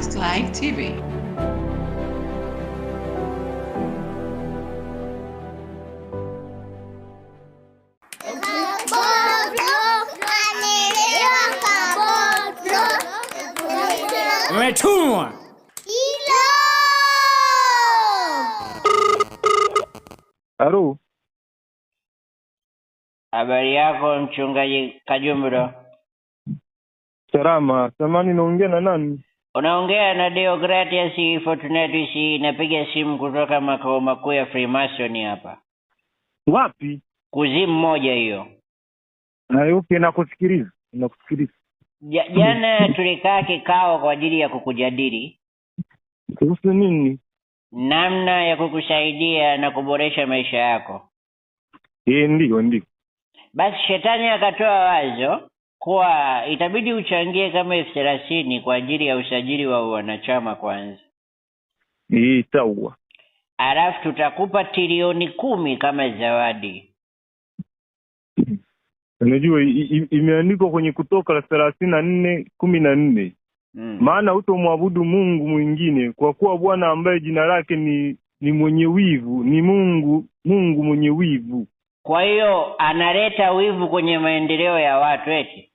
Christ Live TV. Mmetumwa. Halo. Habari yako mchungaji Kajumro? Salama. Samani naongea na nani? Unaongea na Deogratius Fortunatus, inapiga simu kutoka makao makuu ya Freemason hapa. Wapi? kuzimu moja hiyo. Nayuki, nakusikiliza, nakusikiliza. Ja, jana tulikaa kikao kwa ajili ya kukujadili kuhusu nini? Namna ya kukusaidia na kuboresha maisha yako. E, eh, ndiyo ndiyo. Basi shetani akatoa wazo kuwa itabidi uchangie kama elfu thelathini kwa ajili ya usajili wa wanachama kwanza itaua alafu tutakupa trilioni kumi kama zawadi unajua imeandikwa kwenye kutoka thelathini na nne kumi na nne hmm. maana hutomwabudu mungu mwingine kwa kuwa bwana ambaye jina lake ni ni mwenye wivu ni mungu mungu mwenye wivu kwa hiyo analeta wivu kwenye maendeleo ya watu eti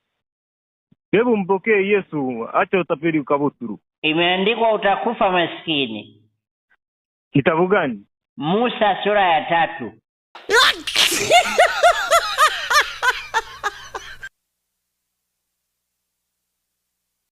Hebu mpokee Yesu, acha utapeli ukabuturu. Imeandikwa utakufa maskini. Kitabu gani? Musa sura ya tatu.